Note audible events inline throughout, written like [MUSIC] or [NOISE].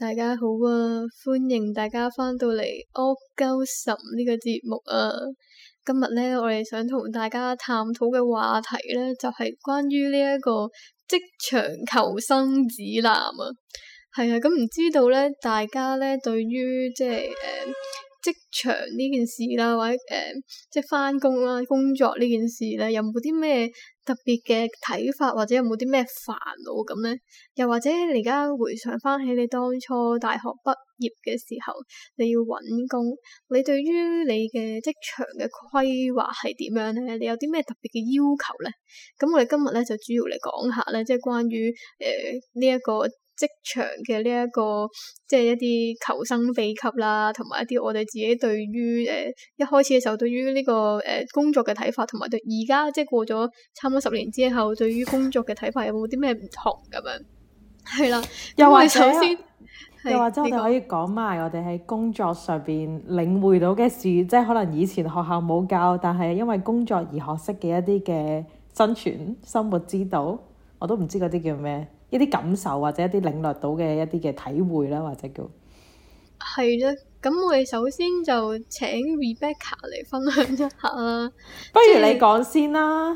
大家好啊，歡迎大家翻到嚟《惡糾神》呢個節目啊。今日咧，我哋想同大家探討嘅話題咧，就係、是、關於呢一個職場求生指南啊。係啊，咁、嗯、唔知道咧，大家咧對於即係誒、呃、職場呢件事啦，或者誒、呃、即係翻工啦、工作呢件事咧，有冇啲咩？特別嘅睇法，或者有冇啲咩煩惱咁呢？又或者你而家回想翻起你當初大學畢業嘅時候，你要搵工，你對於你嘅職場嘅規劃係點樣呢？你有啲咩特別嘅要求呢？咁我哋今日咧就主要嚟講下咧，即係關於誒呢一個。職場嘅呢一個即係一啲求生秘笈啦，同埋一啲我哋自己對於誒、呃、一開始嘅時候對於呢、這個誒、呃、工作嘅睇法，同埋對而家即係過咗差唔多十年之後，對於工作嘅睇法有冇啲咩唔同咁樣？係 [LAUGHS] 啦，又或者，首先又或者我哋可以講埋我哋喺工作上邊領會到嘅事，這個、即係可能以前學校冇教，但係因為工作而學識嘅一啲嘅生存生活之道，我都唔知嗰啲叫咩。一啲感受或者一啲領略到嘅一啲嘅體會啦，或者叫係啦。咁我哋首先就請 Rebecca 嚟分享一下啦。不如你講先啦。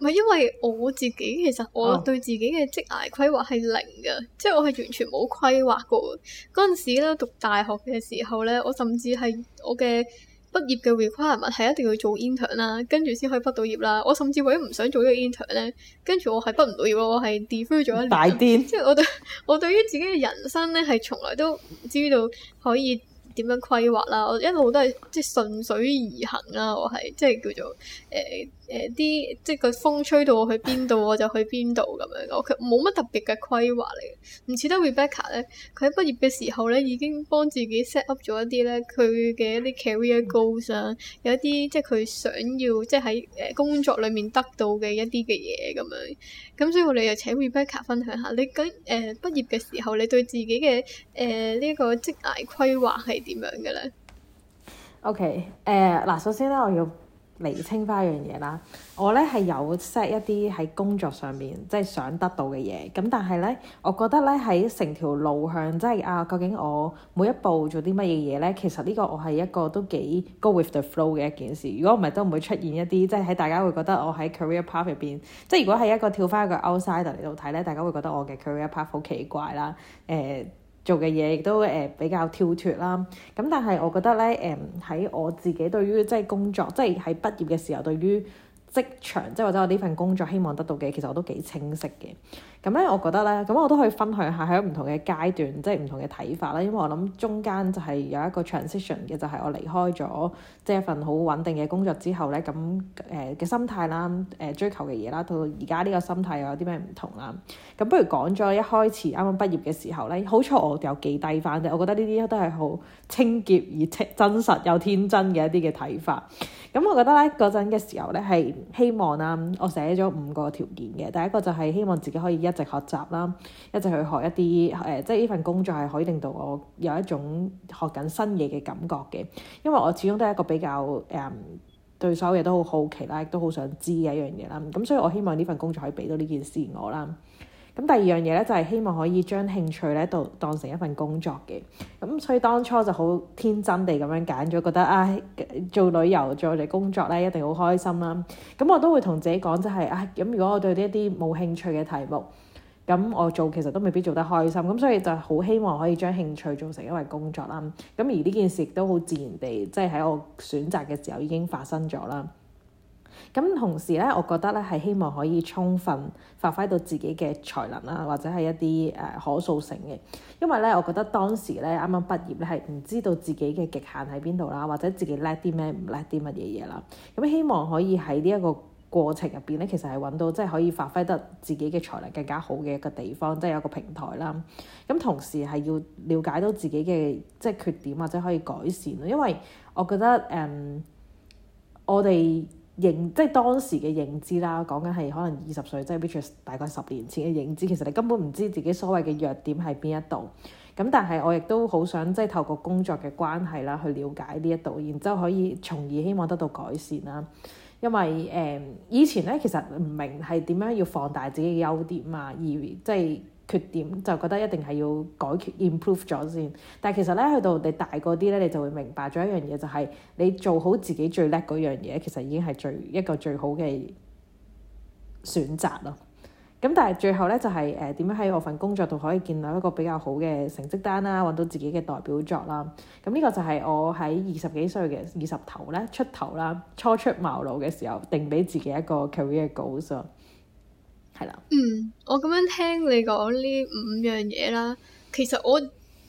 唔係、就是、因為我自己其實我對自己嘅職涯規劃係零嘅，嗯、即係我係完全冇規劃過。嗰陣時咧讀大學嘅時候咧，我甚至係我嘅。畢業嘅 require 物係一定要做 intern 啦、啊，跟住先可以畢到業啦、啊。我甚至為咗唔想做呢個 intern 咧、啊，跟住我係畢唔到業、啊，我係 defer 咗一年。大啲癲。即係我對我對於自己嘅人生咧，係從來都唔知道可以點樣規劃啦。我一路都係即係順水而行啦、啊。我係即係叫做誒。呃誒啲、呃、即係個風吹到我去邊度，我就去邊度咁樣咯。佢冇乜特別嘅規劃嚟嘅，唔似得 Rebecca 咧。佢喺畢業嘅時候咧，已經幫自己 set up 咗一啲咧、啊，佢嘅一啲 career goals 啊，有一啲即係佢想要即係喺誒工作裡面得到嘅一啲嘅嘢咁樣。咁所以我哋又請 Rebecca 分享下你，你咁誒畢業嘅時候，你對自己嘅誒呢個職涯規劃係點樣嘅咧？OK，誒、呃、嗱，首先咧我要。釐清翻一樣嘢啦，我咧係有 set 一啲喺工作上面即係想得到嘅嘢咁，但係咧我覺得咧喺成條路向即係啊，究竟我每一步做啲乜嘢嘢咧？其實呢個我係一個都幾 go with the flow 嘅一件事。如果唔係都唔會出現一啲即係喺大家會覺得我喺 career path 入邊，即係如果係一個跳翻一個 outsider 嚟到睇咧，大家會覺得我嘅 career path 好奇怪啦誒。誒做嘅嘢亦都誒、呃、比較跳脱啦，咁但係我覺得咧誒喺我自己對於即係工作，即係喺畢業嘅時候對於職場，即係或者我呢份工作希望得到嘅，其實我都幾清晰嘅。咁咧，我覺得咧，咁我都可以分享下喺唔同嘅階段，即係唔同嘅睇法啦。因為我諗中間就係有一個 transition 嘅，就係、是、我離開咗即係一份好穩定嘅工作之後咧，咁誒嘅心態啦，誒、呃、追求嘅嘢啦，到而家呢個心態又有啲咩唔同啦？咁不如講咗一開始啱啱畢業嘅時候咧，好彩我有記低翻啫。我覺得呢啲都係好清潔而真真實又天真嘅一啲嘅睇法。咁我覺得咧陣嘅時候咧係希望啦、嗯、我寫咗五個條件嘅，第一個就係希望自己可以一直學習啦，一直去學一啲誒、呃，即係呢份工作係可以令到我有一種學緊新嘢嘅感覺嘅。因為我始終都係一個比較誒、呃、對所有嘢都好好奇啦，亦都好想知嘅一樣嘢啦。咁、嗯、所以我希望呢份工作可以俾到呢件事我啦。咁第二樣嘢咧，就係希望可以將興趣喺度當成一份工作嘅。咁所以當初就好天真地咁樣揀咗，覺得啊、哎、做旅遊做我哋工作咧一定好開心啦。咁我都會同自己講、就是，就係啊咁如果我對呢一啲冇興趣嘅題目，咁我做其實都未必做得開心。咁所以就好希望可以將興趣做成一份工作啦。咁而呢件事亦都好自然地，即係喺我選擇嘅時候已經發生咗啦。咁同時咧，我覺得咧係希望可以充分發揮到自己嘅才能啦，或者係一啲誒、呃、可塑性嘅。因為咧，我覺得當時咧啱啱畢業咧係唔知道自己嘅極限喺邊度啦，或者自己叻啲咩唔叻啲乜嘢嘢啦。咁、嗯、希望可以喺呢一個過程入邊咧，其實係揾到即係、就是、可以發揮得自己嘅才能更加好嘅一個地方，即係有個平台啦。咁、嗯、同時係要了解到自己嘅即係缺點或者可以改善咯。因為我覺得誒、呃，我哋。認即係當時嘅認知啦，講緊係可能二十歲，即係 which 大概十年前嘅認知，其實你根本唔知自己所謂嘅弱點喺邊一度。咁但係我亦都好想即係透過工作嘅關係啦，去了解呢一度，然之後可以從而希望得到改善啦。因為誒、呃、以前咧其實唔明係點樣要放大自己嘅優點嘛、啊，而即係。缺點就覺得一定係要改，improve 咗先。但係其實咧，去到你大個啲咧，你就會明白咗一樣嘢，就係、是、你做好自己最叻嗰樣嘢，其實已經係最一個最好嘅選擇咯。咁但係最後咧，就係誒點樣喺我份工作度可以建立一個比較好嘅成績單啦，搵到自己嘅代表作啦。咁呢個就係我喺二十幾歲嘅二十頭咧出頭啦，初出茅廬嘅時候定俾自己一個 career goals。係啦，嗯，我咁樣聽你講呢五樣嘢啦，其實我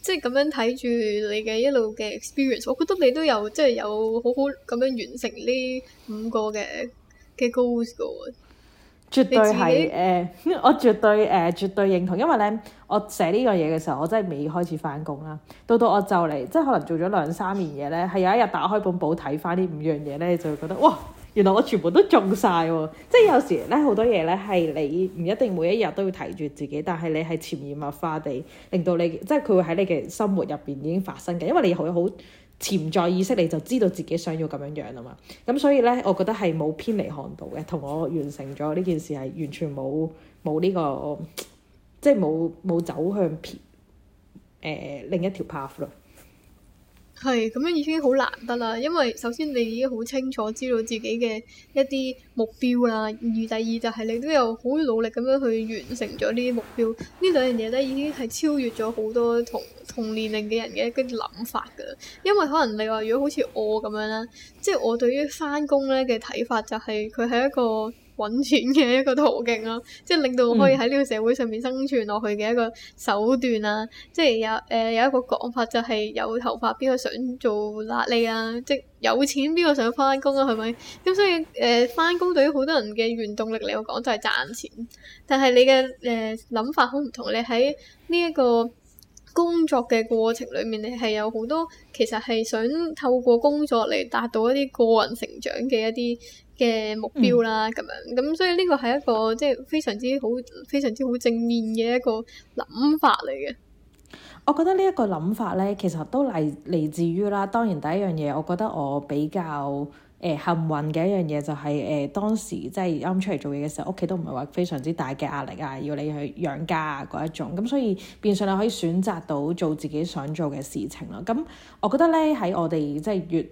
即係咁樣睇住你嘅一路嘅 experience，我覺得你都有即係、就是、有好好咁樣完成呢五個嘅嘅 goals 嘅。絕對係誒、呃，我絕對誒、呃、絕對認同，因為咧我寫呢樣嘢嘅時候，我真係未開始翻工啦。到到我就嚟，即係可能做咗兩三年嘢咧，係有一日打開本簿睇翻呢五樣嘢咧，就會覺得哇！原來我全部都中晒喎，即係有時咧好多嘢咧係你唔一定每一日都要提住自己，但係你係潛移默化地令到你，即係佢會喺你嘅生活入邊已經發生嘅，因為你有好潛在意識，你就知道自己想要咁樣樣啊嘛。咁所以咧，我覺得係冇偏離航道嘅，同我完成咗呢件事係完全冇冇呢個，即係冇冇走向偏、呃、另一條跑道路。係咁樣已經好難得啦，因為首先你已經好清楚知道自己嘅一啲目標啦，而第二就係你都有好努力咁樣去完成咗呢啲目標，呢兩樣嘢咧已經係超越咗好多同同年齡嘅人嘅一啲諗法噶，因為可能你話如果好似我咁樣啦，即係我對於翻工咧嘅睇法就係佢係一個。揾錢嘅一個途徑咯、啊，即係令到我可以喺呢個社會上面生存落去嘅一個手段啊。嗯、即係有誒、呃、有一個講法就係有頭髮邊個想做邋痢啊，即係有錢邊個想翻工啊，係咪？咁所以誒翻工對於好多人嘅原動力嚟講就係賺錢。但係你嘅誒諗法好唔同，你喺呢一個工作嘅過程裡面，你係有好多其實係想透過工作嚟達到一啲個人成長嘅一啲嘅目標啦，咁、嗯、樣咁，所以呢個係一個即係、就是、非常之好、非常之好正面嘅一個諗法嚟嘅。我覺得呢一個諗法呢，其實都嚟嚟自於啦。當然第一樣嘢，我覺得我比較誒、呃、幸運嘅一樣嘢、就是，就係誒當時即係啱出嚟做嘢嘅時候，屋企都唔係話非常之大嘅壓力啊，要你去養家嗰、啊、一種。咁所以變相你可以選擇到做自己想做嘅事情喇。咁我覺得呢，喺我哋即係越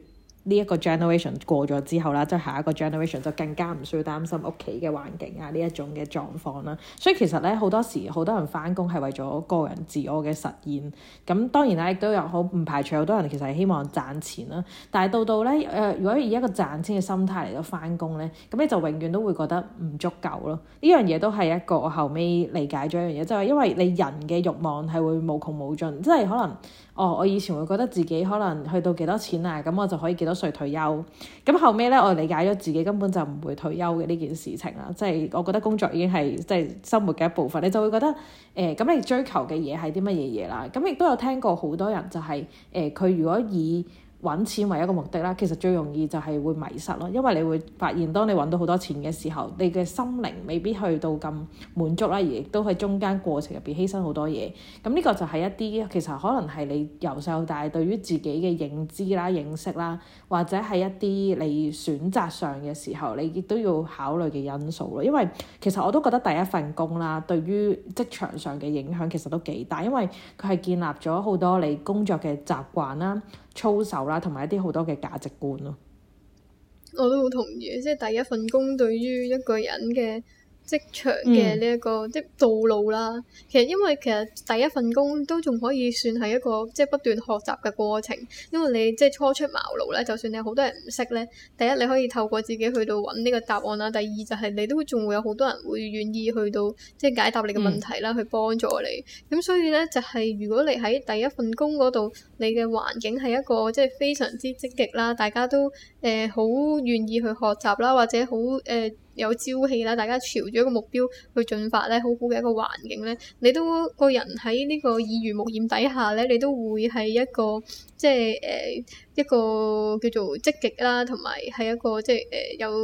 呢一個 generation 過咗之後啦，即係下一個 generation 就更加唔需要擔心屋企嘅環境啊，呢一種嘅狀況啦。所以其實咧，好多時，好多人翻工係為咗個人自我嘅實現。咁當然啦，亦都有好唔排除好多人其實係希望賺錢啦。但係到到咧誒，如果以一個賺錢嘅心態嚟到翻工咧，咁你就永遠都會覺得唔足夠咯。呢樣嘢都係一個我後尾理解咗一樣嘢，即係因為你人嘅慾望係會無窮無盡，即係可能。哦，我以前會覺得自己可能去到幾多錢啊，咁我就可以幾多歲退休。咁後尾咧，我理解咗自己根本就唔會退休嘅呢件事情啦。即係我覺得工作已經係即係生活嘅一部分，你就會覺得誒，咁你追求嘅嘢係啲乜嘢嘢啦？咁亦都有聽過好多人就係誒，佢如果以揾錢為一個目的啦，其實最容易就係會迷失咯，因為你會發現，當你揾到好多錢嘅時候，你嘅心靈未必去到咁滿足啦，而亦都喺中間過程入邊犧牲好多嘢。咁呢個就係一啲其實可能係你由細到大對於自己嘅認知啦、認識啦，或者係一啲你選擇上嘅時候，你亦都要考慮嘅因素咯。因為其實我都覺得第一份工啦，對於職場上嘅影響其實都幾大，因為佢係建立咗好多你工作嘅習慣啦。操守啦、啊，同埋一啲好多嘅價值觀咯、啊。我都好同意，即係第一份工對於一個人嘅職場嘅呢一個即係、嗯、道路啦，其實因為其實第一份工都仲可以算係一個即係不斷學習嘅過程，因為你即係初出茅廬咧，就算你好多人唔識咧，第一你可以透過自己去到揾呢個答案啦，第二就係你都會仲會有好多人會願意去到即係解答你嘅問題啦，嗯、去幫助你。咁所以咧就係、是、如果你喺第一份工嗰度，你嘅環境係一個即係非常之積極啦，大家都誒好、呃、願意去學習啦，或者好誒。呃有朝氣啦，大家朝住一個目標去進發咧，好好嘅一個環境咧，你都個人喺呢個耳濡目染底下咧，你都會係一個即係誒、呃、一個叫做積極啦，同埋係一個即係誒、呃、有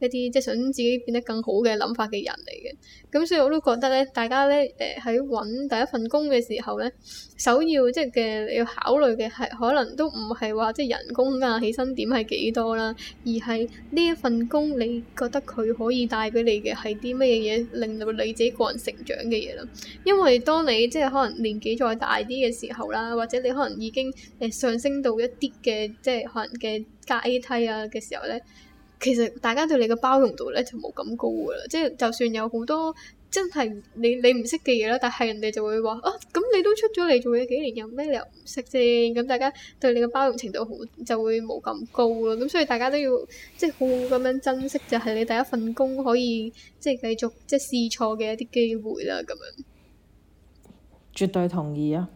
一啲即係想自己變得更好嘅諗法嘅人嚟嘅。咁所以我都覺得咧，大家咧誒喺揾第一份工嘅時候咧，首要即係嘅你要考慮嘅係可能都唔係話即係人工啊、起薪點係幾多啦，而係呢一份工你覺得佢可以帶俾你嘅係啲乜嘢令到你自己個人成長嘅嘢啦。因為當你即係、就是、可能年紀再大啲嘅時候啦，或者你可能已經誒上升到一啲嘅即係可能嘅階梯啊嘅時候咧。其實大家對你嘅包容度呢，就冇咁高噶啦，即係就算有好多真係你你唔識嘅嘢啦，但係人哋就會話啊，咁你都出咗嚟做嘢幾年，有咩理由唔識啫？咁大家對你嘅包容程度就，就會冇咁高咯。咁所以大家都要即係好好咁樣珍惜，就係你第一份工可以即係繼續即係試錯嘅一啲機會啦。咁樣絕對同意啊！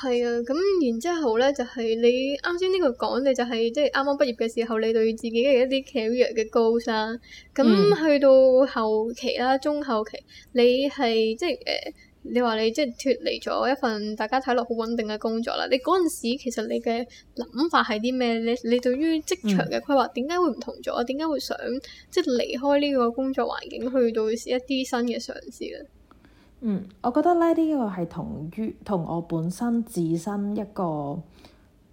係啊，咁然之後咧，就係、是、你啱先呢個講嘅，就係即係啱啱畢業嘅時候，你對自己嘅一啲 career 嘅 goal 啦，咁去到後期啦，中後期，你係即係誒、呃，你話你即係脱離咗一份大家睇落好穩定嘅工作啦。你嗰陣時其實你嘅諗法係啲咩咧？你對於職場嘅規劃點解會唔同咗？點解、嗯、會想即係離開呢個工作環境去到一啲新嘅嘗試咧？嗯，我覺得呢，呢個係同於同我本身自身一個。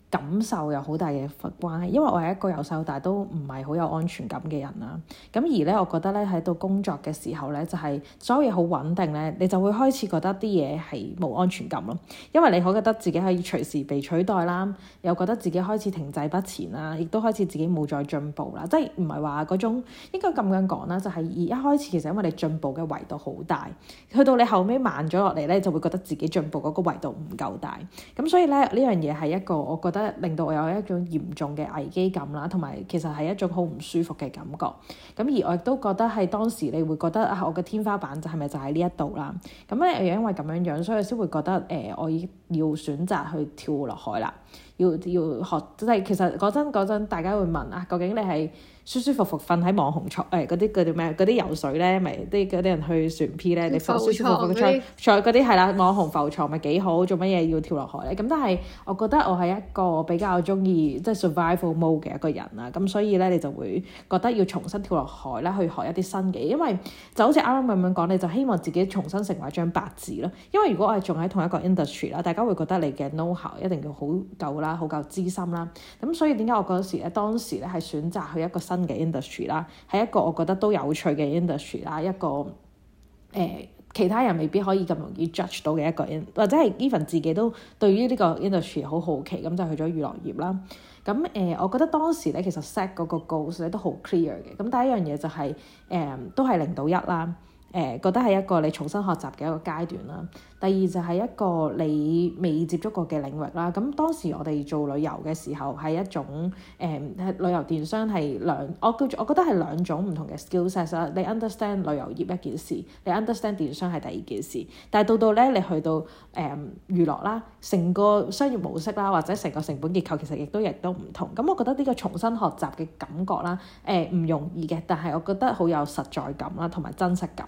感受有好大嘅關係，因為我係一個由細到大都唔係好有安全感嘅人啦。咁而咧，我覺得咧喺度工作嘅時候咧，就係所有嘢好穩定咧，你就會開始覺得啲嘢係冇安全感咯。因為你可覺得自己可以隨時被取代啦，又覺得自己開始停滯不前啦，亦都開始自己冇再進步啦。即係唔係話嗰種應該咁樣講啦，就係而一開始其實因為你進步嘅維度好大，去到你後尾慢咗落嚟咧，就會覺得自己進步嗰個維度唔夠大。咁所以咧呢樣嘢係一個我覺得。令到我有一種嚴重嘅危機感啦，同埋其實係一種好唔舒服嘅感覺。咁而我亦都覺得係當時你會覺得啊，我嘅天花板就係咪就喺呢一度啦？咁咧，因為咁樣樣，所以先會覺得誒、呃，我要要選擇去跳落海啦，要要學即係、就是、其實嗰陣大家會問啊，究竟你係？舒舒服服瞓喺網紅床，誒嗰啲嗰啲咩，嗰啲游水咧，咪啲嗰啲人去船 P 咧，你瞓浮舒舒服服嘅嗰啲係啦，網紅浮床咪幾好，做乜嘢要跳落海咧？咁但係我覺得我係一個比較中意即係 survival mode 嘅一個人啦、啊，咁所以咧你就會覺得要重新跳落海啦，去學一啲新嘅，因為就好似啱啱咁樣講，你就希望自己重新成為一張白紙咯。因為如果我係仲喺同一個 industry 啦，大家會覺得你嘅 know how 一定要好夠啦，好夠資深啦。咁所以點解我嗰時咧當時咧係選擇去一個新嘅 industry 啦，係一個我覺得都有趣嘅 industry 啦，一個誒、呃、其他人未必可以咁容易 judge 到嘅一個 in，或者係 even 自己都對於呢個 industry 好好奇，咁就去咗娛樂業啦。咁誒、呃，我覺得當時咧其實 set 嗰個 goal 咧都好 clear 嘅，咁第一樣嘢就係、是、誒、呃、都係零到一啦。誒覺得係一個你重新學習嘅一個階段啦。第二就係一個你未接觸過嘅領域啦。咁當時我哋做旅遊嘅時候係一種誒、呃、旅遊電商係兩，我叫做我覺得係兩種唔同嘅 skillset 你 understand 旅遊業一件事，你 understand 電商係第二件事。但係到到咧，你去到誒娛樂啦，成、呃、個商業模式啦，或者成個成本結構其實亦都亦都唔同。咁我覺得呢個重新學習嘅感覺啦，誒、呃、唔容易嘅，但係我覺得好有實在感啦，同埋真實感。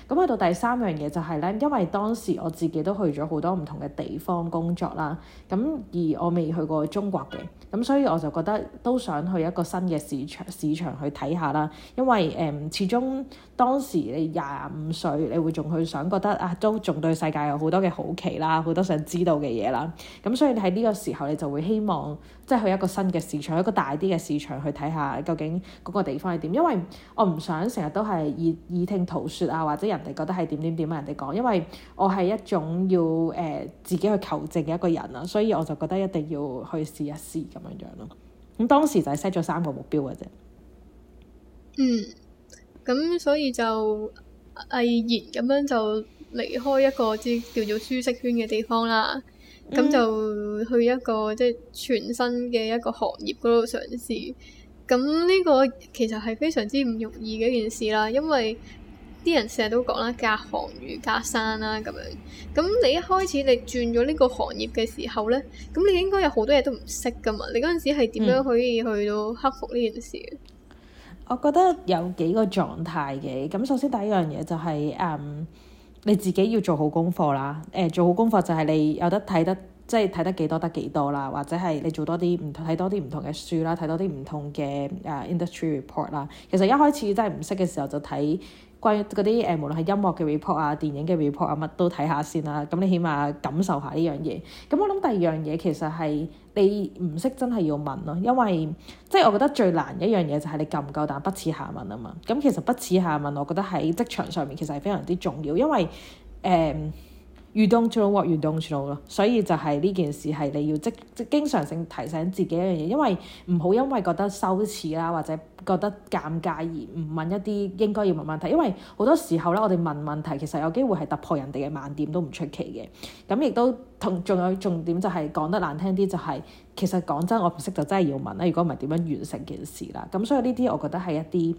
咁去到第三樣嘢就係咧，因為當時我自己都去咗好多唔同嘅地方工作啦，咁而我未去過中國嘅，咁所以我就覺得都想去一個新嘅市場市場去睇下啦。因為誒、嗯、始終當時你廿五歲你會仲去想覺得啊，都仲對世界有好多嘅好奇啦，好多想知道嘅嘢啦。咁所以喺呢個時候你就會希望即係去一個新嘅市場，一個大啲嘅市場去睇下究竟嗰個地方係點，因為我唔想成日都係耳聽途說啊，或者有。人哋覺得係點點點啊，人哋講，因為我係一種要誒、呃、自己去求證嘅一個人啊，所以我就覺得一定要去試一試咁樣樣咯。咁當時就 set 咗三個目標嘅啫。嗯，咁所以就毅然咁樣就離開一個即叫做舒適圈嘅地方啦。咁、嗯、就去一個即係、就是、全新嘅一個行業嗰度嘗試。咁呢個其實係非常之唔容易嘅一件事啦，因為。啲人成日都講啦，隔行如隔山啦、啊，咁樣咁你一開始你轉咗呢個行業嘅時候咧，咁你應該有好多嘢都唔識噶嘛。你嗰陣時係點樣可以去到克服呢件事？嗯、我覺得有幾個狀態嘅，咁，首先第一樣嘢就係、是、誒、嗯、你自己要做好功課啦。誒、嗯、做好功課就係你有得睇得即係睇得幾多得幾多啦，或者係你做多啲唔同、睇多啲唔同嘅書啦，睇多啲唔同嘅誒 industry report 啦。其實一開始真係唔識嘅時候就睇。關於嗰啲誒，無論係音樂嘅 report 啊、電影嘅 report 啊，乜都睇下先啦。咁你起碼感受下呢樣嘢。咁我諗第二樣嘢其實係你唔識真係要問咯，因為即係、就是、我覺得最難一樣嘢就係你夠唔夠膽不恥下問啊嘛。咁其實不恥下問，我覺得喺職場上面其實係非常之重要，因為誒。嗯 You don't know what you don't know 咯，所以就係呢件事係你要即即經常性提醒自己一樣嘢，因為唔好因為覺得羞恥啦或者覺得尷尬而唔問一啲應該要問問題，因為好多時候咧我哋問問題其實有機會係突破人哋嘅盲點都唔出奇嘅，咁亦都同仲有重點就係、是、講得難聽啲就係、是、其實講真我唔識就真係要問啦，如果唔係點樣完成件事啦，咁所以呢啲我覺得係一啲。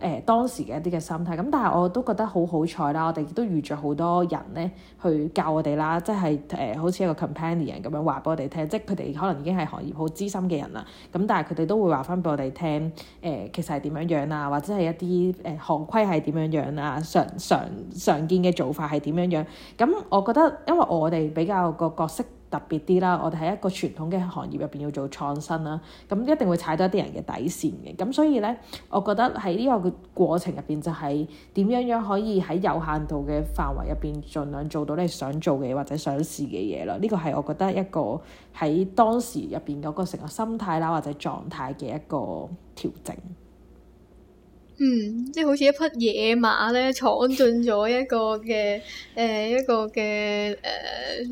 誒、呃、當時嘅一啲嘅心態，咁但係我都覺得好好彩啦。我哋都遇着好多人咧，去教我哋啦，即係誒、呃、好似一個 companion 咁樣話俾我哋聽，即係佢哋可能已經係行業好資深嘅人啦。咁但係佢哋都會話翻俾我哋聽，誒、呃、其實係點樣樣啊，或者係一啲誒、呃、行規係點樣樣啊，常常常見嘅做法係點樣樣。咁我覺得因為我哋比較個角色，特別啲啦，我哋喺一個傳統嘅行業入邊要做創新啦，咁一定會踩到一啲人嘅底線嘅，咁所以咧，我覺得喺呢個過程入邊就係點樣樣可以喺有限度嘅範圍入邊，盡量做到你想做嘅或者想試嘅嘢咯。呢、這個係我覺得一個喺當時入邊嗰個成個心態啦，或者狀態嘅一個調整。嗯，即係好似一匹野馬咧，闖進咗一個嘅誒、呃、一個嘅誒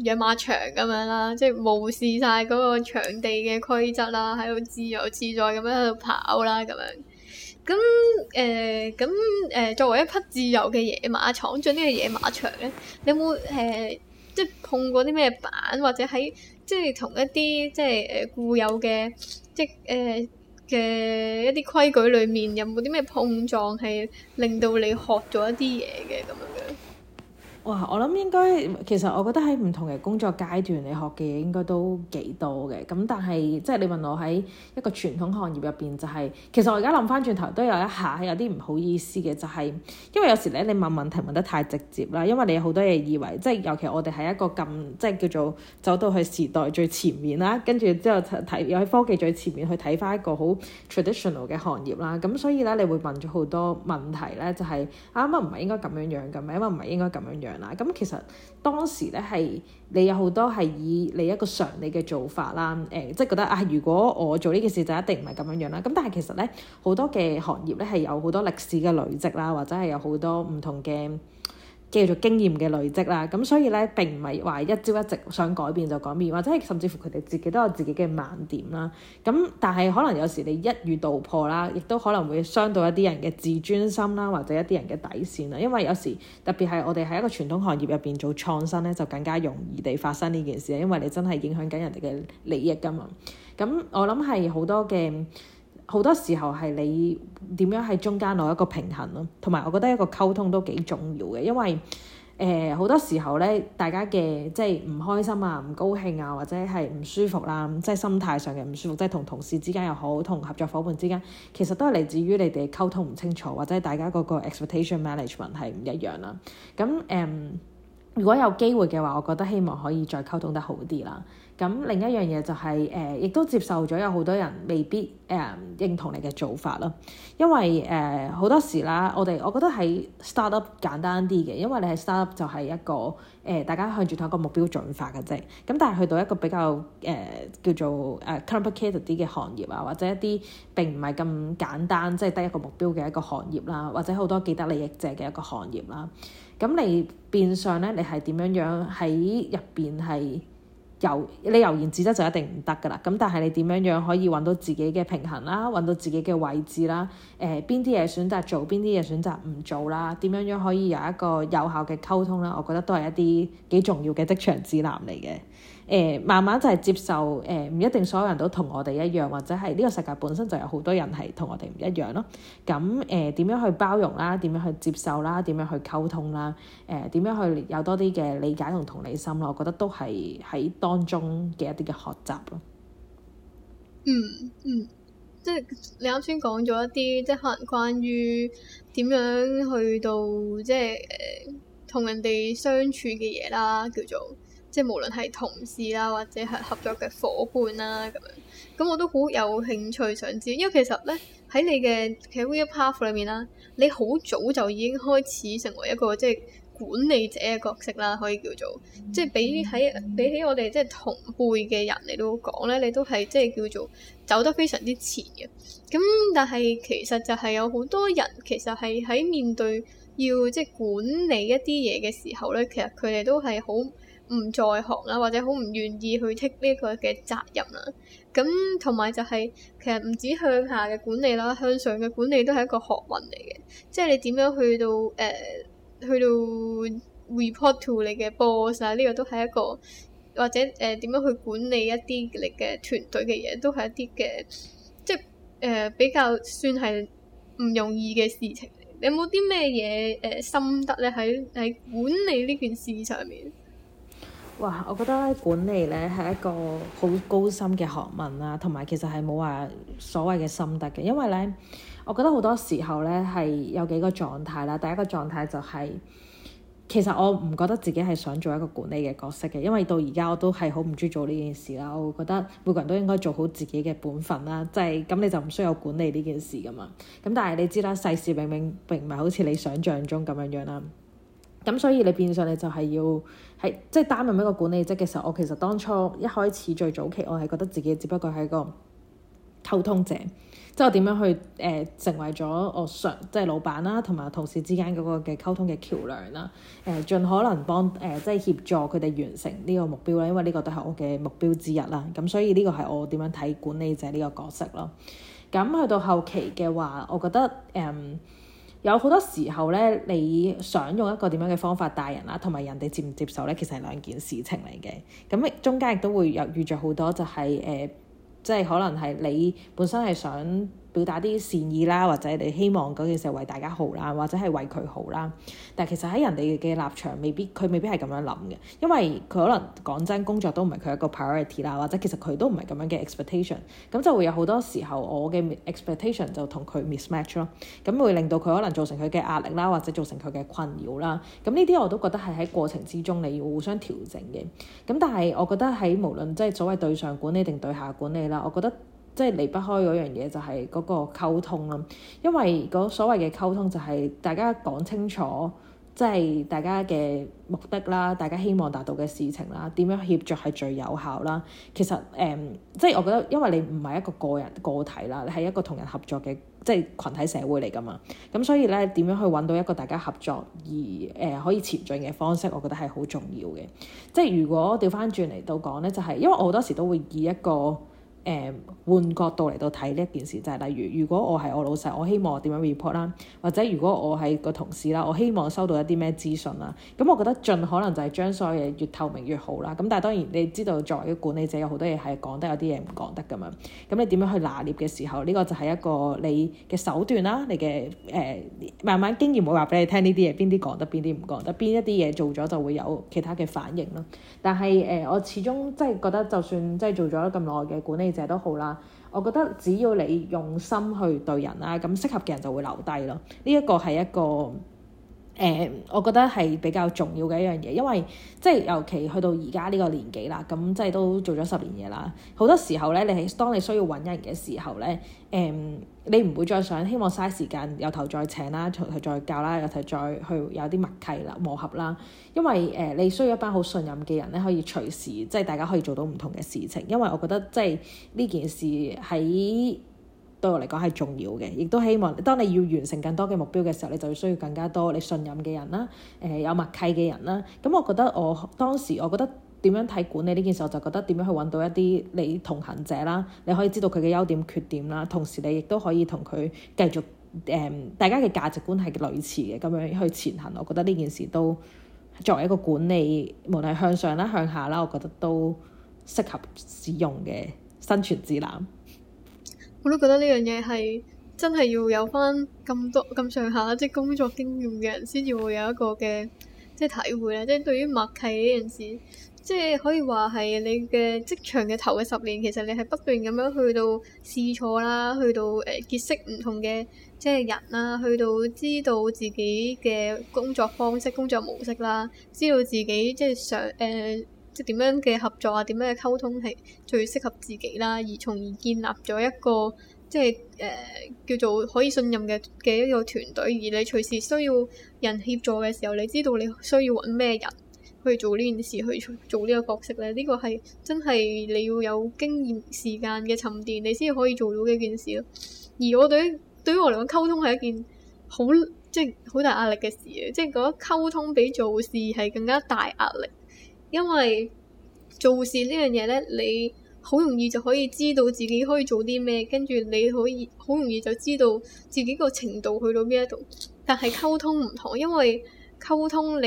養馬場咁樣啦，即係無視晒嗰個場地嘅規則啦，喺度自由自在咁樣喺度跑啦咁樣。咁誒咁誒，作為一匹自由嘅野馬闖進呢個野馬場咧，你有冇誒、呃、即係碰過啲咩板，或者喺即係同一啲即係誒固有嘅即係嘅一啲規矩裏面有冇啲咩碰撞係令到你學咗一啲嘢嘅咁樣？哇！我諗應該其實我覺得喺唔同嘅工作階段，你學嘅嘢應該都幾多嘅。咁但係即係你問我喺一個傳統行業入邊，就是，就係其實我而家諗翻轉頭都有一下有啲唔好意思嘅，就係、是，因為有時咧你問問題問得太直接啦，因為你有好多嘢以為即係尤其我哋喺一個咁即係叫做走到去時代最前面啦，跟住之後睇又喺科技最前面去睇翻一個好 traditional 嘅行業啦。咁所以咧你會問咗好多問題咧，就係啱啱唔係應該咁樣樣㗎咩？唔係應該咁樣樣。咁其實當時咧係你有好多係以你一個常理嘅做法啦，誒、呃，即係覺得啊，如果我做呢件事就一定唔係咁樣樣啦。咁但係其實咧，好多嘅行業咧係有好多歷史嘅累積啦，或者係有好多唔同嘅。叫做經驗嘅累積啦，咁所以咧並唔係話一朝一夕想改變就改變，或者係甚至乎佢哋自己都有自己嘅盲點啦。咁但係可能有時你一語道破啦，亦都可能會傷到一啲人嘅自尊心啦，或者一啲人嘅底線啦。因為有時特別係我哋喺一個傳統行業入邊做創新咧，就更加容易地發生呢件事，因為你真係影響緊人哋嘅利益噶嘛。咁我諗係好多嘅。好多時候係你點樣喺中間攞一個平衡咯，啊，同埋我覺得一個溝通都幾重要嘅，因為誒呃、好多時候咧，大家嘅即係唔開心啊、唔高興啊，或者係唔舒服啦、啊，即係心態上嘅唔舒服，即係同同事之間又好，同合作伙伴之間，其實都係嚟自於你哋溝通唔清楚，或者大家嗰個 expectation management 係唔一樣啦。咁誒、呃，如果有機會嘅話，我覺得希望可以再溝通得好啲啦。咁另一樣嘢就係、是、誒，亦、呃、都接受咗有好多人未必誒、呃、認同你嘅做法啦，因為誒好、呃、多時啦，我哋我覺得喺 start up 簡單啲嘅，因為你喺 start up 就係一個誒、呃、大家向住同一個目標進發嘅啫。咁但係去到一個比較誒、呃、叫做誒、呃、complicated 啲嘅行業啊，或者一啲並唔係咁簡單，即係得一個目標嘅一個行業啦，或者好多既得利益者嘅一個行業啦，咁你變相咧，你係點樣樣喺入邊係？由你由言自得就一定唔得㗎喇，咁但係你點樣樣可以揾到自己嘅平衡啦，揾到自己嘅位置啦，誒邊啲嘢選擇做，邊啲嘢選擇唔做啦，點樣樣可以有一個有效嘅溝通啦，我覺得都係一啲幾重要嘅職場指南嚟嘅。誒慢慢就係接受誒，唔一定所有人都同我哋一樣，或者係呢個世界本身就有好多人係同我哋唔一樣咯。咁誒點樣去包容啦？點樣去接受啦？點樣去溝通啦？誒點樣去有多啲嘅理解同同理心咯？我覺得都係喺當中嘅一啲嘅學習咯。嗯嗯，即係你啱先講咗一啲，即係可能關於點樣去到即係誒同人哋相處嘅嘢啦，叫做。即係無論係同事啦，或者係合作嘅伙伴啦，咁樣咁我都好有興趣想知道，因為其實咧喺你嘅 career path 裏面啦，你好早就已經開始成為一個即係管理者嘅角色啦，可以叫做即係比喺比起我哋即係同輩嘅人嚟到講咧，你都係即係叫做走得非常之前嘅。咁但係其實就係有好多人其實係喺面對要即係管理一啲嘢嘅時候咧，其實佢哋都係好唔在行啦，或者好唔願意去 take 呢一個嘅責任啦。咁同埋就係、是、其實唔止向下嘅管理啦，向上嘅管理都係一個學問嚟嘅。即係你點樣去到誒、呃、去到 report to 你嘅 boss 啊？呢、這個都係一個或者誒點、呃、樣去管理一啲你嘅團隊嘅嘢，都係一啲嘅即係誒、呃、比較算係唔容易嘅事情嚟。你有冇啲咩嘢誒心得咧？喺喺管理呢件事上面？哇，我覺得咧管理咧係一個好高深嘅學問啦，同埋其實係冇話所謂嘅心得嘅，因為咧我覺得好多時候咧係有幾個狀態啦。第一個狀態就係、是、其實我唔覺得自己係想做一個管理嘅角色嘅，因為到而家我都係好唔鍾意做呢件事啦。我覺得每個人都應該做好自己嘅本分啦，即係咁你就唔需要管理呢件事噶嘛。咁但係你知啦，世事明明並唔係好似你想像中咁樣樣啦。咁所以你變相你就係要喺即係擔任一個管理職嘅時候，我其實當初一開始最早期，我係覺得自己只不過係一個溝通者，即係我點樣去誒、呃、成為咗我上即係老闆啦、啊，同埋同事之間嗰個嘅溝通嘅橋梁啦、啊，誒、呃、盡可能幫誒、呃、即係協助佢哋完成呢個目標啦、啊，因為呢個都係我嘅目標之一啦、啊。咁所以呢個係我點樣睇管理者呢個角色咯、啊。咁去到後期嘅話，我覺得誒。嗯有好多時候呢，你想用一個點樣嘅方法帶人啦、啊，同埋人哋接唔接受呢？其實係兩件事情嚟嘅。咁中間亦都會有遇着好多、就係呃，就係誒，即係可能係你本身係想，表達啲善意啦，或者你希望嗰件事為大家好啦，或者係為佢好啦。但係其實喺人哋嘅立場，未必佢未必係咁樣諗嘅，因為佢可能講真，工作都唔係佢一個 priority 啦，或者其實佢都唔係咁樣嘅 expectation。咁就會有好多時候，我嘅 expectation 就同佢 mismatch 咯，咁會令到佢可能造成佢嘅壓力啦，或者造成佢嘅困擾啦。咁呢啲我都覺得係喺過程之中你要互相調整嘅。咁但係我覺得喺無論即係所謂對上管理定對下管理啦，我覺得。即係離不開嗰樣嘢，就係嗰個溝通啦。因為嗰所謂嘅溝通就係大家講清楚，即係大家嘅目的啦，大家希望達到嘅事情啦，點樣協作係最有效啦。其實誒、嗯，即係我覺得，因為你唔係一個個人個體啦，你係一個同人合作嘅，即係群體社會嚟噶嘛。咁所以咧，點樣去揾到一個大家合作而誒、呃、可以前進嘅方式，我覺得係好重要嘅。即係如果調翻轉嚟到講咧，就係因為我好多時都會以一個誒、嗯、換角度嚟到睇呢件事，就係、是、例如，如果我係我老細，我希望點樣 report 啦，或者如果我係個同事啦，我希望收到一啲咩資訊啦，咁、嗯、我覺得盡可能就係將所有嘢越透明越好啦。咁、嗯、但係當然，你知道作為管理者有好多嘢係講得，有啲嘢唔講得噶嘛。咁、嗯、你點樣去拿捏嘅時候，呢、這個就係一個你嘅手段啦，你嘅誒、呃、慢慢經驗會話俾你聽呢啲嘢，邊啲講得，邊啲唔講得，邊一啲嘢做咗就會有其他嘅反應咯。但係誒、呃，我始終即係覺得，就算即係做咗咁耐嘅管理。都好啦，我覺得只要你用心去對人啦，咁適合嘅人就會留低咯。呢一個係一個。誒，um, 我覺得係比較重要嘅一樣嘢，因為即係尤其去到而家呢個年紀啦，咁、嗯、即係都做咗十年嘢啦。好多時候咧，你係當你需要揾人嘅時候咧，誒、um，你唔會再想希望嘥時間由頭再請啦，由頭再教啦，由頭再去，由頭再去有啲默契啦、磨合啦。因為誒、呃，你需要一班好信任嘅人咧，可以隨時即係大家可以做到唔同嘅事情。因為我覺得即係呢件事喺，對我嚟講係重要嘅，亦都希望當你要完成更多嘅目標嘅時候，你就需要更加多你信任嘅人啦，誒、呃、有默契嘅人啦。咁、嗯、我覺得我當時我覺得點樣睇管理呢件事，我就覺得點樣去揾到一啲你同行者啦，你可以知道佢嘅優點缺點啦，同時你亦都可以同佢繼續誒、呃，大家嘅價值觀係類似嘅，咁樣去前行。我覺得呢件事都作為一個管理，無論向上啦、向下啦，我覺得都適合使用嘅生存指南。我都覺得呢樣嘢係真係要有翻咁多咁上下即係工作經驗嘅人先至會有一個嘅即係體會啦，即係對於默契呢件事，即係可以話係你嘅職場嘅頭嘅十年，其實你係不斷咁樣去到試錯啦，去到誒、呃、結識唔同嘅即係人啦，去到知道自己嘅工作方式、工作模式啦，知道自己即係想誒、呃即點樣嘅合作啊？點樣嘅溝通係最適合自己啦，而從而建立咗一個即係誒、呃、叫做可以信任嘅嘅一個團隊。而你隨時需要人協助嘅時候，你知道你需要揾咩人去做呢件事去做呢個角色咧？呢、呢個係真係你要有經驗時間嘅沉澱，你先可以做到嘅一件事咯。而我對於對於我嚟講，溝通係一件好即係好大壓力嘅事的，即係覺得溝通比做事係更加大壓力。因為做事呢樣嘢呢，你好容易就可以知道自己可以做啲咩，跟住你可以好容易就知道自己個程度去到邊一度。但係溝通唔同，因為。溝通你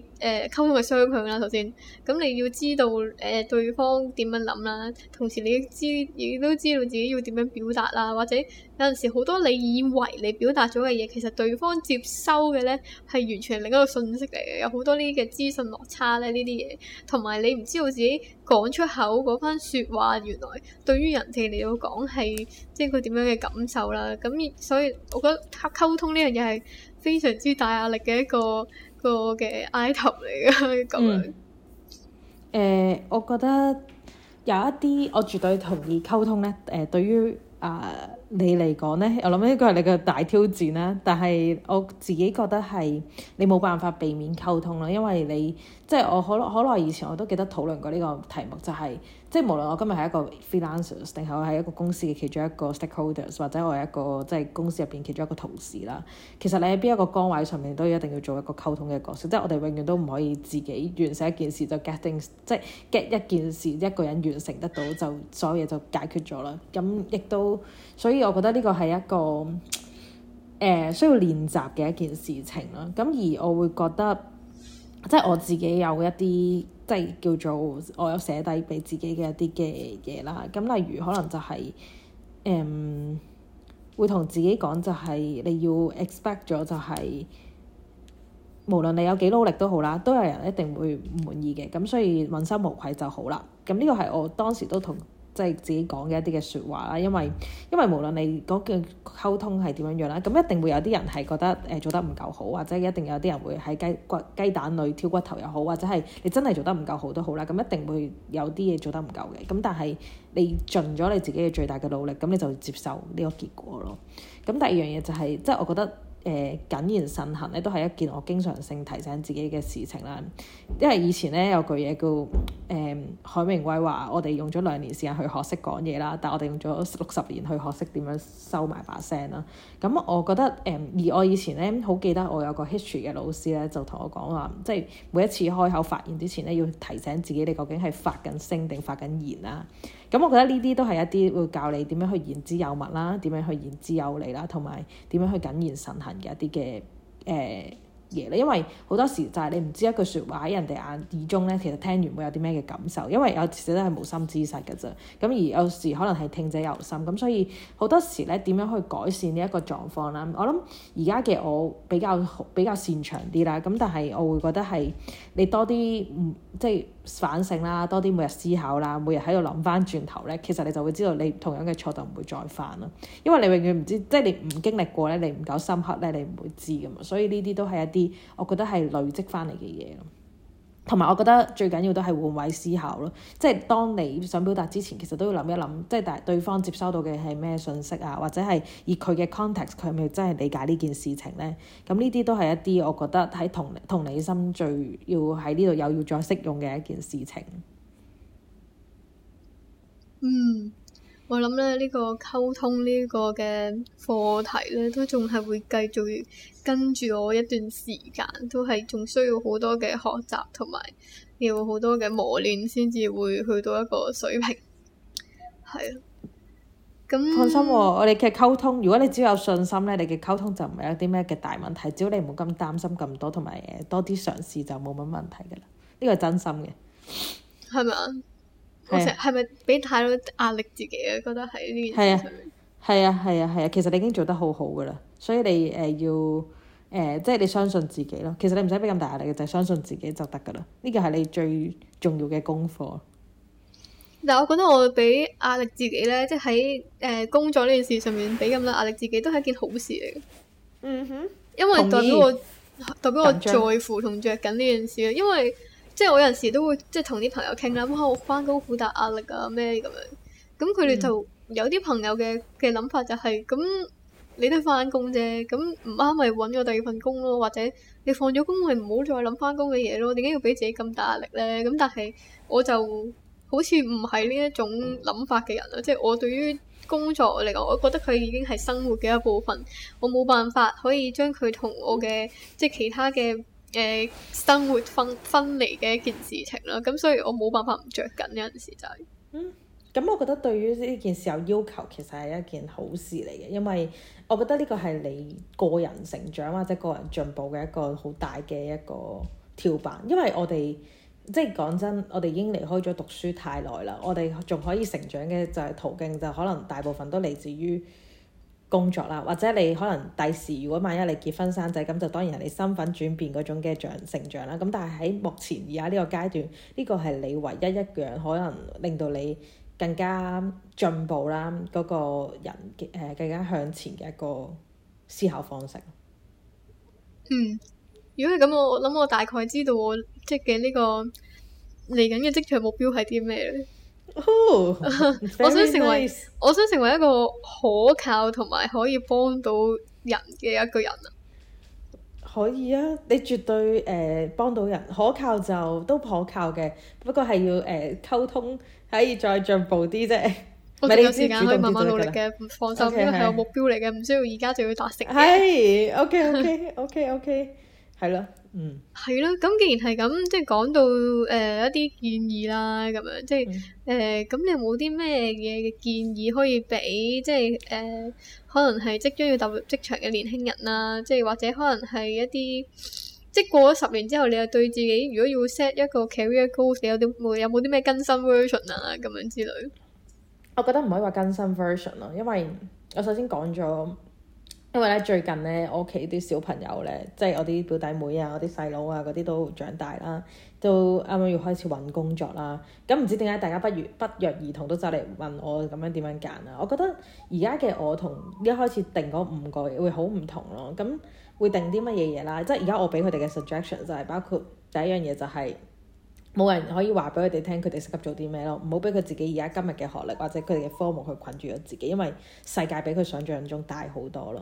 誒、呃、溝通嘅雙向啦，首先咁你要知道誒、呃、對方點樣諗啦，同時你知亦都知道自己要點樣表達啦，或者有陣時好多你以為你表達咗嘅嘢，其實對方接收嘅咧係完全另一個信息嚟嘅，有好多呢啲嘅資訊落差咧呢啲嘢，同埋你唔知道自己講出口嗰番説話，原來對於人哋嚟到講係即係佢點樣嘅感受啦。咁所以我覺得溝通呢樣嘢係。非常之大壓力嘅一個一個嘅 item 嚟噶咁樣、嗯呃。我覺得有一啲，我絕對同意溝通咧。誒、呃，對於啊、呃、你嚟講咧，我諗呢個係你嘅大挑戰啦。但係我自己覺得係你冇辦法避免溝通啦，因為你。即係我好耐好耐以前我都記得討論過呢個題目，就係、是、即係無論我今日係一個 freelancer 定係我係一個公司嘅其中一個 stakeholders，或者我係一個即係公司入邊其中一個同事啦。其實你喺邊一個崗位上面都一定要做一個溝通嘅角色，即係我哋永遠都唔可以自己完成一件事就 get things，即係 get 一件事一個人完成得到就所有嘢就解決咗啦。咁亦都，所以我覺得呢個係一個誒、呃、需要練習嘅一件事情啦。咁而我會覺得。即係我自己有一啲，即係叫做我有寫低畀自己嘅一啲嘅嘢啦。咁例如可能就係、是、誒、嗯、會同自己講就係你要 expect 咗就係、是、無論你有幾努力都好啦，都有人一定會唔滿意嘅。咁所以問心無愧就好啦。咁呢個係我當時都同。即係自己講嘅一啲嘅説話啦，因為因為無論你嗰個溝通係點樣樣啦，咁一定會有啲人係覺得誒、欸、做得唔夠好，或者一定有啲人會喺雞骨雞蛋裏挑骨頭又好，或者係你真係做得唔夠好都好啦，咁一定會有啲嘢做得唔夠嘅。咁但係你盡咗你自己嘅最大嘅努力，咁你就接受呢個結果咯。咁第二樣嘢就係即係我覺得。誒、呃、謹言慎行咧，都係一件我經常性提醒自己嘅事情啦。因為以前咧有句嘢叫誒、呃、海明威話：我哋用咗兩年時間去學識講嘢啦，但我哋用咗六十年去學識點樣收埋把聲啦。咁、嗯、我覺得誒、呃，而我以前咧好記得我有個 history 嘅老師咧，就同我講話，即係每一次開口發言之前咧，要提醒自己你究竟係發緊聲定發緊言啦、啊。咁、嗯、我覺得呢啲都係一啲會教你點樣去言之有物啦，點樣去言之有理啦，同埋點樣去謹言慎行嘅一啲嘅誒嘢咧。因為好多時就係你唔知一句説話喺人哋眼耳中咧，其實聽完會有啲咩嘅感受。因為有時都係無心之失㗎啫。咁而有時可能係聽者有心。咁所以好多時咧，點樣去改善呢一個狀況啦？我諗而家嘅我比較比較擅長啲啦。咁但係我會覺得係你多啲唔即係。反省啦，多啲每日思考啦，每日喺度諗翻轉頭咧，其實你就會知道你同樣嘅錯就唔會再犯啦，因為你永遠唔知，即係你唔經歷過咧，你唔夠深刻咧，你唔會知㗎嘛，所以呢啲都係一啲我覺得係累積翻嚟嘅嘢咯。同埋，我覺得最緊要都係換位思考咯，即係當你想表達之前，其實都要諗一諗，即係但對方接收到嘅係咩信息啊，或者係以佢嘅 context，佢係咪真係理解呢件事情咧？咁呢啲都係一啲我覺得喺同理同理心最要喺呢度又要再適用嘅一件事情。嗯，我諗咧呢、呢個溝通呢個嘅課題咧，都仲係會繼續。跟住我一段時間，都係仲需要好多嘅學習，同埋要好多嘅磨練，先至會去到一個水平。係啊，咁放心喎、哦！我哋嘅溝通，如果你只要有信心咧，你嘅溝通就唔係一啲咩嘅大問題。只要你唔好咁擔心咁多，同埋誒多啲嘗試，就冇乜問題嘅啦。呢個係真心嘅。係咪吧啊？好似係咪俾太多壓力自己啊？覺得係呢件事上面。係啊，係啊，係啊，啊，啊，啊，其實你已經做得好好嘅啦。所以你誒、呃、要誒、呃，即係你相信自己咯。其實你唔使俾咁大壓力嘅，就係、是、相信自己就得噶啦。呢個係你最重要嘅功課。但我覺得我俾壓力自己咧，即係喺誒工作呢件事上面俾咁多壓力自己，都係一件好事嚟嘅。嗯哼，因為代表我意代表我在乎同着緊呢件事啊。張因為即係我有時都會即係同啲朋友傾啦，哇、嗯！我翻工好大壓力噶咩咁樣。咁佢哋就有啲朋友嘅嘅諗法就係、是、咁。嗯你都翻工啫，咁唔啱咪揾咗第二份工咯，或者你放咗工咪唔好再諗翻工嘅嘢咯，點解要俾自己咁大壓力咧？咁但係我就好似唔係呢一種諗法嘅人咯，即係、嗯、我對於工作嚟講，我覺得佢已經係生活嘅一部分，我冇辦法可以將佢同我嘅、嗯、即係其他嘅誒、呃、生活分分離嘅一件事情咯，咁所以我冇辦法唔着緊呢一件事就係。嗯咁我覺得對於呢件事有要求，其實係一件好事嚟嘅，因為我覺得呢個係你個人成長或者個人進步嘅一個好大嘅一個跳板。因為我哋即係講真，我哋已經離開咗讀書太耐啦。我哋仲可以成長嘅就係途徑就可能大部分都嚟自於工作啦，或者你可能第時如果萬一你結婚生仔咁就當然係你身份轉變嗰種嘅長成長啦。咁但係喺目前而家呢個階段，呢個係你唯一一樣可能令到你更加進步啦，嗰、那個人嘅誒、呃、更加向前嘅一個思考方式。嗯，如果係咁，我諗我大概知道我即嘅呢個嚟緊嘅職場目標係啲咩咧。Oh, very nice. [LAUGHS] 我想成為，我想成為一個可靠同埋可以幫到人嘅一個人啊！可以啊，你絕對誒、呃、幫到人，可靠就都可靠嘅，不過係要誒、呃、溝通可以再進步啲啫。 [LAUGHS] 我哋有時間 [LAUGHS] 可以慢慢努力嘅，唔放心，okay，因為有目標嚟嘅，唔 [LAUGHS] 需要而家就要達成。係，OK，OK，OK，OK，係咯。嗯，係咯，咁既然係咁，即係講到誒、呃、一啲建議啦，咁樣即係誒，咁、嗯呃、你有冇啲咩嘢嘅建議可以俾，即係誒、呃，可能係即將要踏入職場嘅年輕人啦、啊，即係或者可能係一啲，即係過咗十年之後，你又對自己如果要 set 一個 career goal，你有啲冇有冇啲咩更新 version 啊，咁樣之類？我覺得唔可以話更新 version 咯，因為我首先講咗。因為咧最近咧我屋企啲小朋友咧，即係我啲表弟妹啊、我啲細佬啊嗰啲都長大啦，都啱啱要開始揾工作啦。咁唔知點解大家不如不約而同都走嚟問我咁樣點樣揀啊？我覺得而家嘅我同一開始定嗰五個會好唔同咯。咁會定啲乜嘢嘢啦？即係而家我俾佢哋嘅 suggestion 就係包括第一樣嘢就係、是。冇人可以話俾佢哋聽，佢哋適合做啲咩咯。唔好俾佢自己而家今日嘅學歷或者佢哋嘅科目去困住咗自己，因為世界比佢想象中大好多咯。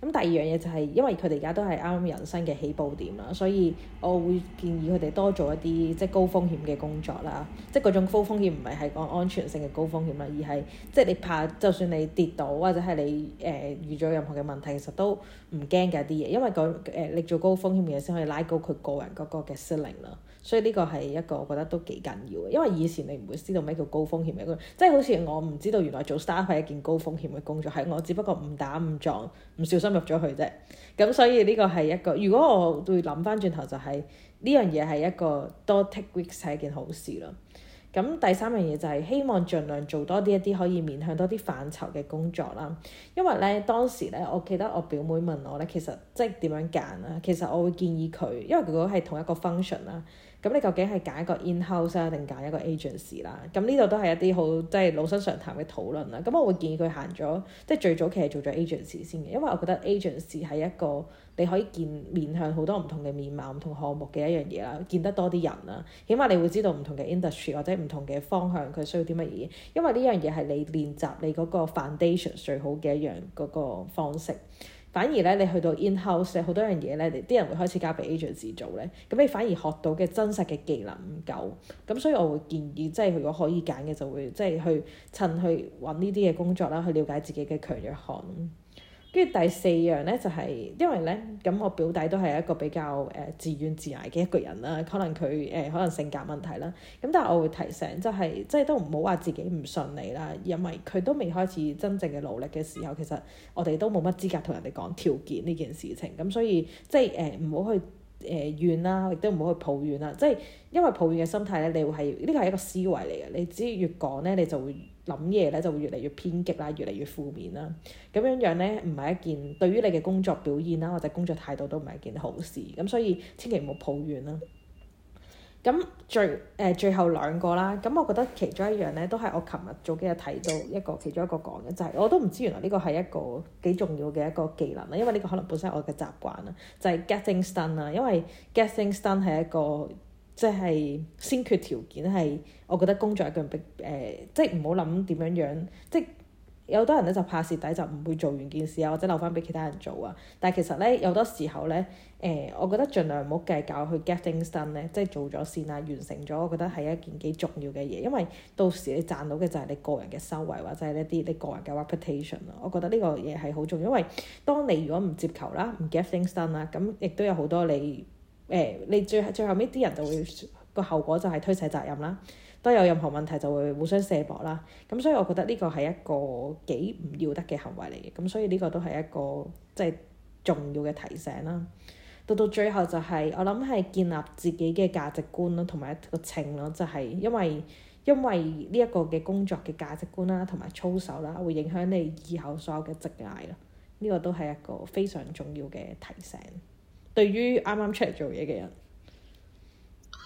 咁、嗯、第二樣嘢就係、是，因為佢哋而家都係啱啱人生嘅起步點啦，所以我會建議佢哋多做一啲即係高風險嘅工作啦。即係嗰種風高風險唔係係講安全性嘅高風險啦，而係即係你怕就算你跌到或者係你誒、呃、遇咗任何嘅問題，其實都唔驚嘅啲嘢，因為嗰誒做高風險嘅嘢先可以拉高佢個人嗰個嘅失 a i 啦。所以呢個係一個我覺得都幾緊要嘅，因為以前你唔會知道咩叫高風險嘅，即係好似我唔知道原來做 staff 係一件高風險嘅工作，係我只不過誤打誤撞唔小心入咗去啫。咁所以呢個係一個，如果我會諗翻轉頭，就係呢樣嘢係一個多 take risk 係一件好事咯。咁第三樣嘢就係希望盡量做多啲一啲可以面向多啲範疇嘅工作啦，因為咧當時咧我記得我表妹問我咧，其實即係點樣揀啊？其實我會建議佢，因為如果係同一個 function 啦。咁你究竟係揀一個 in-house 定揀一個 agency 啦？咁呢度都係一啲好即係老生常談嘅討論啦。咁我會建議佢行咗，即係最早期係做咗 agency 先嘅，因為我覺得 agency 係一個你可以見面向好多唔同嘅面貌、唔同項目嘅一樣嘢啦，見得多啲人啦，起碼你會知道唔同嘅 industry 或者唔同嘅方向佢需要啲乜嘢，因為呢樣嘢係你練習你嗰個 foundation 最好嘅一樣嗰個方式。反而咧，你去到 in-house 好多樣嘢咧，啲人會開始交俾 agent 自做咧，咁你反而學到嘅真實嘅技能唔夠，咁所以我會建議，即係如果可以揀嘅就會即係去趁去揾呢啲嘅工作啦，去了解自己嘅強弱項。跟住第四樣咧就係、是，因為咧咁我表弟都係一個比較誒、呃、自怨自艾嘅一個人啦，可能佢誒、呃、可能性格問題啦。咁但係我會提醒、就是，就係即係都唔好話自己唔順利啦，因為佢都未開始真正嘅努力嘅時候，其實我哋都冇乜資格同人哋講條件呢件事情。咁、嗯、所以即係誒唔好去誒怨、呃、啦，亦都唔好去抱怨啦。即係因為抱怨嘅心態咧，你會係呢、這個係一個思維嚟嘅，你只要越講咧你就會。諗嘢咧就會越嚟越偏激啦，越嚟越負面啦，咁樣樣咧唔係一件對於你嘅工作表現啦或者工作態度都唔係一件好事，咁所以千祈唔好抱怨啦。咁最誒、呃、最後兩個啦，咁我覺得其中一樣咧都係我琴日早幾日睇到一個其中一個講嘅，就係、是、我都唔知原來呢個係一個幾重要嘅一個技能啦，因為呢個可能本身我嘅習慣啦，就係、是、getting things done 啦，因為 getting things done 係一個。即係先決條件係，我覺得工作一樣逼誒，即係唔好諗點樣樣。即係有啲人咧就怕蝕底，就唔會做完件事啊，或者留翻俾其他人做啊。但係其實咧，有好多時候咧，誒、呃，我覺得儘量唔好計較去 get things done 咧，即係做咗先啊，完成咗，我覺得係一件幾重要嘅嘢，因為到時你賺到嘅就係你個人嘅收穫或者係呢啲你個人嘅 reputation 咯。我覺得呢個嘢係好重要，因為當你如果唔接球啦，唔 get things done 啦，咁亦都有好多你。誒、哎，你最最後尾啲人就會個後果就係推卸責任啦，都有任何問題就會互相卸膊啦。咁所以我覺得呢個係一個幾唔要得嘅行為嚟嘅，咁所以呢個都係一個即係、就是、重要嘅提醒啦。到到最後就係、是、我諗係建立自己嘅價值觀咯，同埋一個秤咯，就係因為因為呢一個嘅工作嘅價值觀啦，同埋、就是、操守啦，會影響你以後所有嘅職涯咯。呢、這個都係一個非常重要嘅提醒。對於啱啱出嚟做嘢嘅人，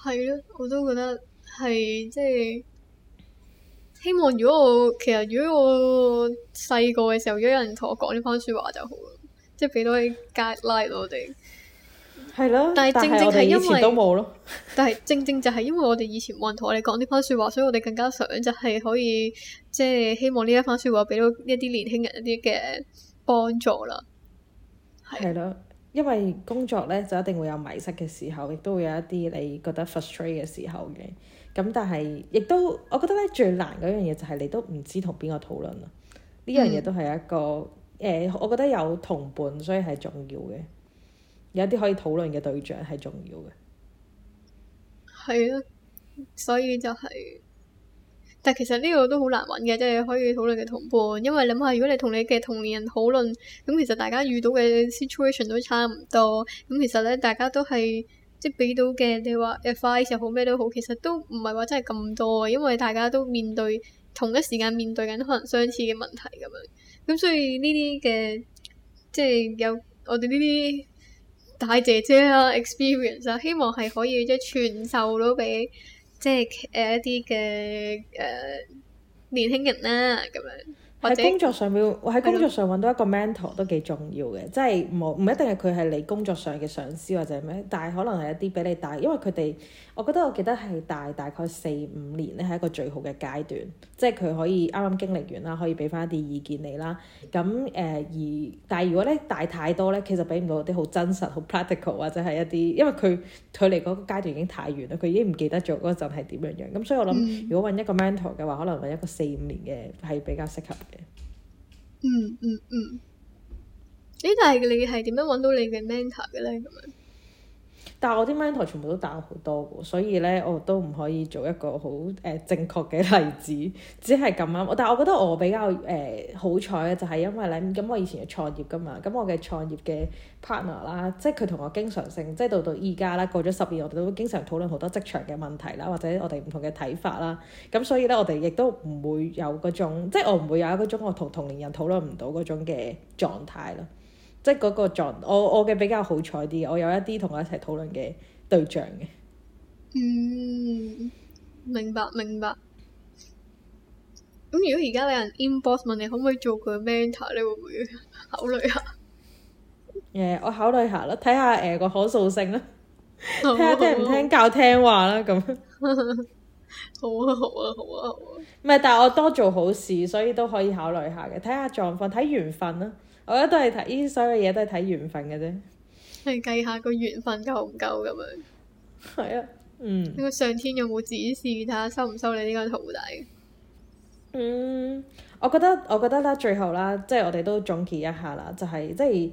係咯，我都覺得係即係希望。如果我其實如果我細個嘅時候，如果有人同我講呢番説話就好，即係畀到啲 guideline 我哋係咯。的但係正正係因為，但係 [LAUGHS] 正正就係因為我哋以前冇人同我哋講呢番説話，所以我哋更加想就係可以即係希望呢一番説話畀到一啲年輕人一啲嘅幫助啦。係啦。因為工作咧就一定會有迷失嘅時候，亦都會有一啲你覺得 frustrate 嘅時候嘅。咁但係亦都，我覺得咧最難嗰樣嘢就係你都唔知同邊個討論。呢樣嘢都係一個誒、嗯，我覺得有同伴所以係重要嘅，有一啲可以討論嘅對象係重要嘅。係啊，所以就係、是。但其實呢個都好難揾嘅，即係可以討論嘅同伴。因為你諗下，如果你同你嘅同齡人討論，咁其實大家遇到嘅 situation 都差唔多。咁其實咧，大家都係即係俾到嘅，你話 advice 又好咩都好，其實都唔係話真係咁多。因為大家都面對同一時間面對緊可能相似嘅問題咁樣。咁所以呢啲嘅即係有我哋呢啲大姐姐啊 experience 啊，希望係可以即係傳授到畀。即係誒一啲嘅誒年輕人啦咁樣。喺工作上面，喺工作上揾到一個 mentor 的都幾重要嘅，即係冇唔一定係佢係你工作上嘅上司或者係咩，但係可能係一啲俾你大，因為佢哋，我覺得我記得係大大概四五年咧係一個最好嘅階段，即係佢可以啱啱經歷完啦，可以俾翻一啲意見你啦。咁誒、呃、而，但係如果咧大太多咧，其實俾唔到啲好真實好 practical 或者係一啲，因為佢佢離嗰個階段已經太遠啦，佢已經唔記得咗嗰陣係點樣樣。咁所以我諗、嗯、如果揾一個 mentor 嘅話，可能揾一個四五年嘅係比較適合。嗯嗯嗯，誒、嗯嗯欸，但係你係點樣揾到你嘅 mentor 嘅呢？但係我啲 mentor 全部都大好多，所以咧我都唔可以做一個好誒、呃、正確嘅例子，只係咁啱。我但係我覺得我比較誒好彩嘅就係因為咧，咁、嗯嗯、我以前係創業㗎嘛，咁、嗯、我嘅創業嘅 partner 啦，即係佢同我經常性，即係到到依家啦，過咗十年，我哋都經常討論好多職場嘅問題啦，或者我哋唔同嘅睇法啦。咁、嗯、所以咧，我哋亦都唔會有嗰種，即係我唔會有一嗰中我同同齡人討論唔到嗰種嘅狀態啦。即係嗰個狀，我我嘅比較好彩啲我有一啲同我一齊討論嘅對象嘅。嗯，明白明白。咁、嗯、如果而家有人 inbox 問你可唔可以做佢 mentor，你會唔會考慮下？誒、嗯，我考慮下啦，睇下誒個可塑性啦，睇聽唔聽教聽話啦，咁、 [LAUGHS] 啊。好啊好啊好啊好啊。唔係、啊，但係我多做好事，所以都可以考慮下嘅，睇下狀況，睇緣分啦、啊。我覺得都係睇，呢啲所有嘢都係睇緣分嘅啫。你計下個緣分夠唔夠咁樣。係啊，嗯。呢個上天有冇指示睇下收唔收你呢個徒弟？嗯，我覺得我覺得啦，最後啦，即係我哋都總結一下啦，就係，係，即係。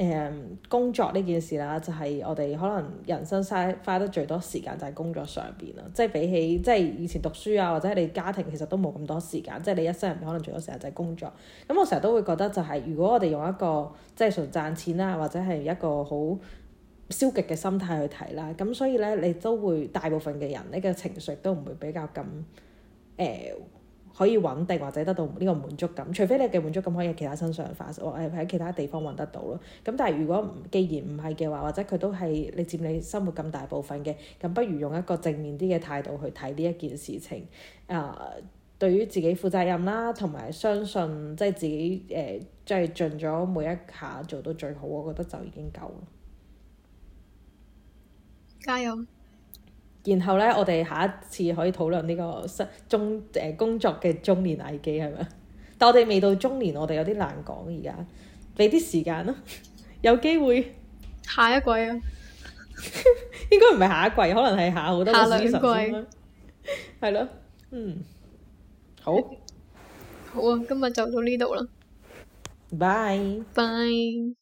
誒、嗯、工作呢件事啦，就係、是、我哋可能人生嘥花得最多時間就係工作上邊啦。即係比起即係以前讀書啊，或者你家庭其實都冇咁多時間。即係你一生人可能最多時間就係工作。咁我成日都會覺得就係、是，如果我哋用一個即係純賺錢啦，或者係一個好消極嘅心態去睇啦，咁所以咧，你都會大部分嘅人呢個情緒都唔會比較咁誒。呃可以穩定或者得到呢個滿足感，除非你嘅滿足感可以喺其他身上發生，或係喺其他地方揾得到咯。咁但係如果既然唔係嘅話，或者佢都係你佔你生活咁大部分嘅，咁不如用一個正面啲嘅態度去睇呢一件事情。啊，uh，對於自己負責任啦，同埋相信即係、就是、自己誒，即係盡咗每一下做到最好，我覺得就已經夠啦。加油！然後呢，我哋下一次可以討論呢個失中誒、呃、工作嘅中年危機係咪？但我哋未到中年，我哋有啲難講而家。俾啲時間咯， [LAUGHS] 有機會下一季啊。 [LAUGHS] 應該唔係下一季，可能係下好多個 season 咯。係咯， [LAUGHS] 嗯，好。好啊，今日就到呢度啦。拜拜 Bye。